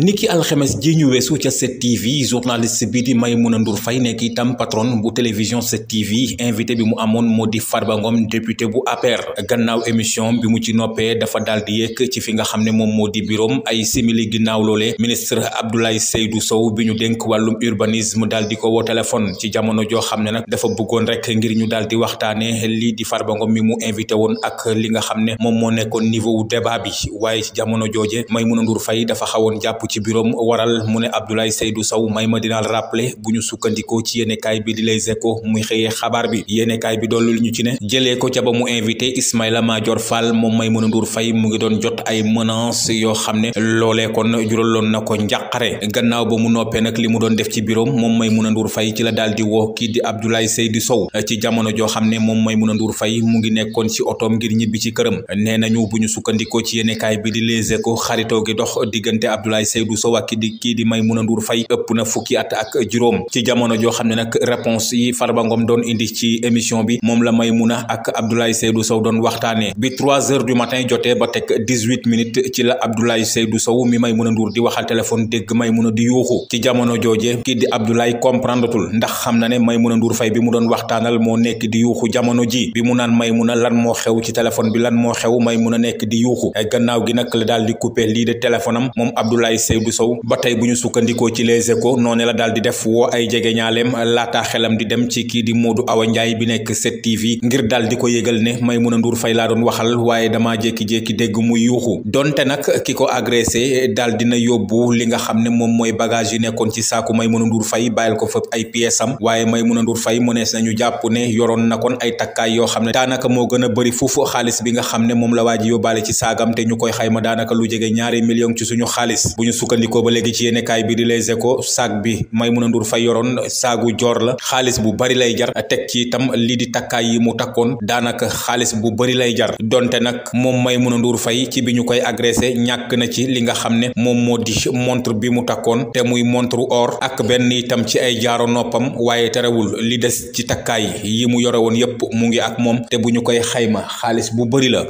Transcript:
niki alxemes ji ñu weesu ca 7TV journaliste bi di may a Ndour fay nekk itam patron bu télévision 7TV invité bi mu amoon moo di Farba Ngom député bu APR gannaaw émission bi mu ci noppee dafa daal di yëkk ci fi nga xam ne moom moo di biroom ay simili ginnaaw loole ministre Abdoulaye saydu Sow bi ñu dénk wàllum urbanisme daal di ko woo téléphone ci jamono joo xam ne nag dafa bëggoon rek ngir ñu daal di waxtaane lii di farbangoom Ngom mi mu invité woon ak li nga xam ne moom moo nekkoon niveau débat bi waaye jamono jooje Maimouna Ndour Faye dafa xawoon ci bureau waral mu ne Abdoulaye Seydou Sow may ma dinaal rappeler bu ñu sukkandikoo ci yéenekaay bi di Les Échos muy xëyee xabaar bi yéenekaay bi dollu li ñu ci ne jëlee ko ca ba mu invité Ismaïla Madior Fall moom Maïmouna Ndour Faye mu ngi doon jot ay menaces yoo xam ne loolee kon juraloon na ko njàqare gannaaw ba mu noppee nag li mu doon def ci bureau moom Maïmouna Ndour Faye ci la daal di woo kii di Abdoulaye Seydou Sow ci jamono joo xam ne moom Maïmouna Ndour Faye mu ngi nekkoon ci otoom ngir ñibbi ci këram nee nañu bu ñu sukkandikoo ci yéenekaay bi di Les Échos xaritoo gi dox diggante Abdoulaye Seydou Sow ak kii di kii di Maimouna Ndour Faye ëpp na fukki at ak juróom ci jamono joo xam ne bi moom la Maimouna ak Abdoulaye Seydou Sow doon waxtaanee bi trois heures du matin jotee ba teg dix-huit minutes ci la Abdoulaye Seydou Sow mi Maimouna Ndour di waxal téléphone dégg Maimouna di yuuxu ci jamono jooje kii di Abdoulaye comprendre tul ndax xam na ne Maimouna Ndour fay bi mu doon waxtaanal moo nekk di yuuxu jamono ji bi mu naan Maimouna lan moo xew ci téléphone bi lan moo xew Maimouna nekk di yuuxu gannaaw gi nag la daal di coupé lii de téléphone moom Abdoulaye Seydou Sow ba tey bu ñu sukkandikoo ci Les Échos noonu la daal di def woo ay jege ñaaleem laataa xelam di dem ci kii di Modou Awa Ndiaye bi nekk 7TV ngir daal di ko yëgal ne Maimouna Ndour Faye laa doon waxal waaye damaa jékki-jékki dégg mu yuuxu donte nag ki ko agressé daal dina yóbbu li nga xam ne moom mooy bagage yi nekkoon ci saaku Maimouna Ndour Faye bàyyil ko fa ay pièces am waaye Maimouna Ndour Faye mënees nañu jàpp ne yoroon na kon ay takkaay yoo xam ne daanaka moo gën a bëri foofu xaalis bi nga xam ne moom la waa ji yóbbaale ci saagam te ñu koy xayma daanaka lu jege ñaari million ci suñu xaalis ñu sukkandikoo ba léegi ci yéenekaay bi di Les Échos saag bi Maimouna Ndour fay yoroon saagu joor la xaalis bu bari lay jar teg ci itam lii di takkaay yi mu takkoon daanaka xaalis bu bari lay jar donte nag moom Maimouna Ndour fay ci bi ñu koy agressé ñàkk na ci li nga xam ne moom moo di montre bi mu takkoon te muy montre or ak benn itam ci ay jaaro noppam waaye terewul li des ci takkaay yi mu yore woon yépp mu ngi ak moom te bu ñu koy xayma xaalis bu bari la